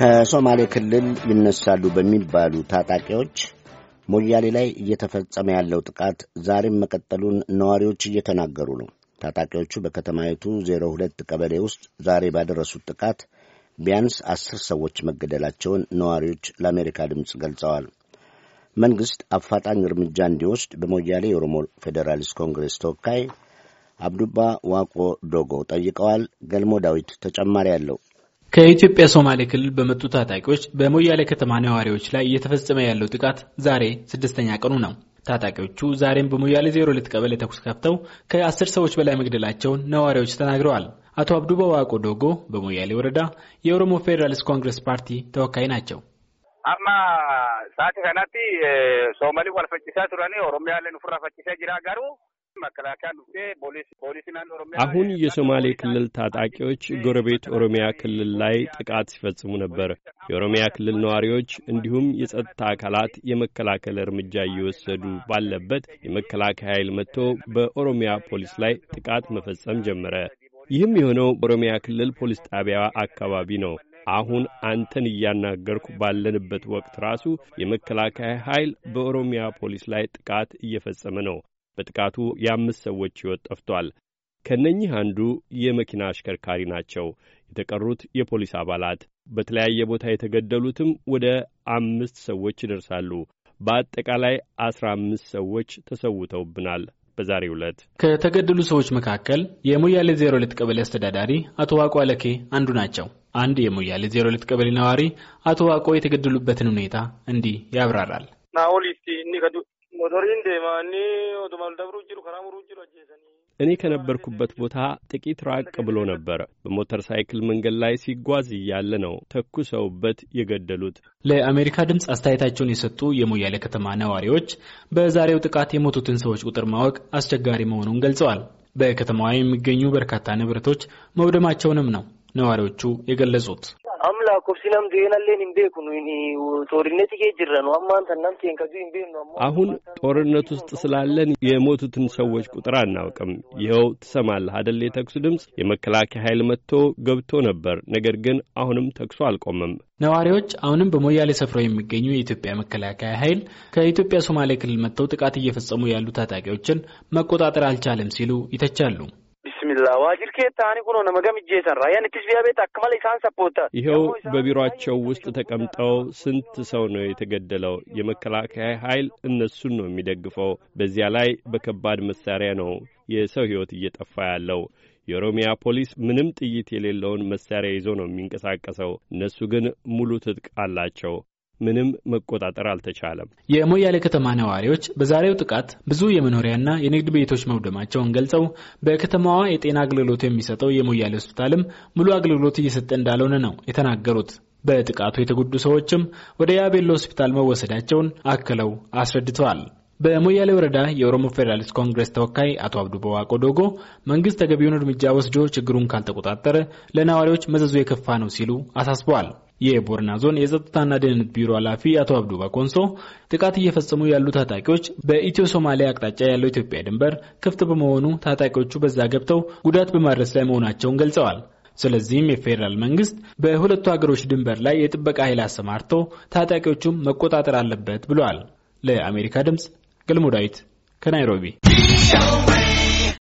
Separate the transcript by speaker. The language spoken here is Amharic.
Speaker 1: ከሶማሌ ክልል ይነሳሉ በሚባሉ ታጣቂዎች ሞያሌ ላይ እየተፈጸመ ያለው ጥቃት ዛሬም መቀጠሉን ነዋሪዎች እየተናገሩ ነው። ታጣቂዎቹ በከተማይቱ ዜሮ ሁለት ቀበሌ ውስጥ ዛሬ ባደረሱት ጥቃት ቢያንስ አስር ሰዎች መገደላቸውን ነዋሪዎች ለአሜሪካ ድምፅ ገልጸዋል። መንግሥት አፋጣኝ እርምጃ እንዲወስድ በሞያሌ የኦሮሞ ፌዴራሊስት ኮንግሬስ ተወካይ አብዱባ ዋቆ ዶጎ ጠይቀዋል። ገልሞ ዳዊት ተጨማሪ አለው።
Speaker 2: ከኢትዮጵያ ሶማሌ ክልል በመጡ ታጣቂዎች በሞያሌ ከተማ ነዋሪዎች ላይ እየተፈጸመ ያለው ጥቃት ዛሬ ስድስተኛ ቀኑ ነው። ታጣቂዎቹ ዛሬም በሞያሌ ዜሮ ሁለት ቀበሌ ተኩስ ከፍተው ከአስር ሰዎች በላይ መግደላቸውን ነዋሪዎች ተናግረዋል። አቶ አብዱ በዋቆ ዶጎ በሞያሌ ወረዳ የኦሮሞ ፌዴራሊስት ኮንግረስ ፓርቲ ተወካይ ናቸው።
Speaker 3: አማ ሰዓት ከናቲ ሶማሌ
Speaker 2: ዋልፈጭሳ ቱረኒ ኦሮሚያ ሌን ፈጭሳ ጅራ ጋሩ
Speaker 3: አሁን የሶማሌ ክልል ታጣቂዎች ጎረቤት ኦሮሚያ ክልል ላይ ጥቃት ሲፈጽሙ ነበር። የኦሮሚያ ክልል ነዋሪዎች እንዲሁም የጸጥታ አካላት የመከላከል እርምጃ እየወሰዱ ባለበት የመከላከያ ኃይል መጥቶ በኦሮሚያ ፖሊስ ላይ ጥቃት መፈጸም ጀመረ። ይህም የሆነው በኦሮሚያ ክልል ፖሊስ ጣቢያ አካባቢ ነው። አሁን አንተን እያናገርኩ ባለንበት ወቅት ራሱ የመከላከያ ኃይል በኦሮሚያ ፖሊስ ላይ ጥቃት እየፈጸመ ነው። በጥቃቱ የአምስት ሰዎች ሕይወት ጠፍቷል። ከእነኚህ አንዱ የመኪና አሽከርካሪ ናቸው። የተቀሩት የፖሊስ አባላት በተለያየ ቦታ የተገደሉትም ወደ አምስት ሰዎች ይደርሳሉ። በአጠቃላይ አስራ አምስት ሰዎች ተሰውተውብናል። በዛሬ ዕለት
Speaker 2: ከተገደሉ ሰዎች መካከል የሞያሌ ዜሮ ሁለት ቀበሌ አስተዳዳሪ አቶ ዋቆ አለኬ አንዱ ናቸው። አንድ የሞያሌ ዜሮ ቀበሌ ነዋሪ አቶ ዋቆ የተገደሉበትን ሁኔታ እንዲህ ያብራራል።
Speaker 1: ሞቶሪን ደማኒ ኦቶማል ደብሩ ጅሩ ከራሙሩ ጅሩ አጀሰኒ
Speaker 3: እኔ ከነበርኩበት ቦታ ጥቂት ራቅ ብሎ ነበር። በሞተር ሳይክል መንገድ ላይ ሲጓዝ እያለ ነው ተኩሰውበት የገደሉት።
Speaker 2: ለአሜሪካ ድምፅ አስተያየታቸውን የሰጡ የሞያሌ ከተማ ነዋሪዎች በዛሬው ጥቃት የሞቱትን ሰዎች ቁጥር ማወቅ አስቸጋሪ መሆኑን ገልጸዋል። በከተማዋ የሚገኙ በርካታ ንብረቶች መውደማቸውንም ነው ነዋሪዎቹ የገለጹት።
Speaker 3: አሁን ጦርነት ውስጥ ስላለን የሞቱትን ሰዎች ቁጥር አናውቅም። ይኸው ትሰማለህ አደል? የተኩሱ ድምፅ የመከላከያ ኃይል መጥቶ ገብቶ ነበር። ነገር ግን አሁንም ተኩሶ አልቆመም።
Speaker 2: ነዋሪዎች አሁንም በሞያሌ ሰፍረው የሚገኙ የኢትዮጵያ መከላከያ ኃይል ከኢትዮጵያ ሶማሌ ክልል መጥተው ጥቃት እየፈጸሙ ያሉ ታጣቂዎችን መቆጣጠር አልቻለም ሲሉ ይተቻሉ። ጅላ ዋጅር ኬታኒ ኩኖ ነመገም እጄሰን ራያን ኢትስ ቢያቤት አክመል ኢሳን ሰፖታ ይኸው
Speaker 3: በቢሮአቸው ውስጥ ተቀምጠው ስንት ሰው ነው የተገደለው? የመከላከያ ኃይል እነሱን ነው የሚደግፈው። በዚያ ላይ በከባድ መሳሪያ ነው የሰው ህይወት እየጠፋ ያለው። የኦሮሚያ ፖሊስ ምንም ጥይት የሌለውን መሳሪያ ይዞ ነው የሚንቀሳቀሰው። እነሱ ግን ሙሉ ትጥቅ አላቸው። ምንም መቆጣጠር አልተቻለም።
Speaker 2: የሞያሌ ከተማ ነዋሪዎች በዛሬው ጥቃት ብዙ የመኖሪያና የንግድ ቤቶች መውደማቸውን ገልጸው በከተማዋ የጤና አገልግሎት የሚሰጠው የሞያሌ ሆስፒታልም ሙሉ አገልግሎት እየሰጠ እንዳልሆነ ነው የተናገሩት። በጥቃቱ የተጎዱ ሰዎችም ወደ ያቤሎ ሆስፒታል መወሰዳቸውን አክለው አስረድተዋል። በሞያሌ ወረዳ የኦሮሞ ፌዴራሊስት ኮንግሬስ ተወካይ አቶ አብዱ በዋቆ ዶጎ መንግስት ተገቢውን እርምጃ ወስዶ ችግሩን ካልተቆጣጠረ ለነዋሪዎች መዘዙ የከፋ ነው ሲሉ አሳስበዋል። የቦርና ዞን የጸጥታና ደህንነት ቢሮ ኃላፊ አቶ አብዱ ባኮንሶ ጥቃት እየፈጸሙ ያሉ ታጣቂዎች በኢትዮ ሶማሊያ አቅጣጫ ያለው ኢትዮጵያ ድንበር ክፍት በመሆኑ ታጣቂዎቹ በዛ ገብተው ጉዳት በማድረስ ላይ መሆናቸውን ገልጸዋል። ስለዚህም የፌዴራል መንግስት በሁለቱ ሀገሮች ድንበር ላይ የጥበቃ ኃይል አሰማርቶ ታጣቂዎቹም መቆጣጠር አለበት ብለዋል። ለአሜሪካ ድምፅ ገልሞ ዳዊት ከናይሮቢ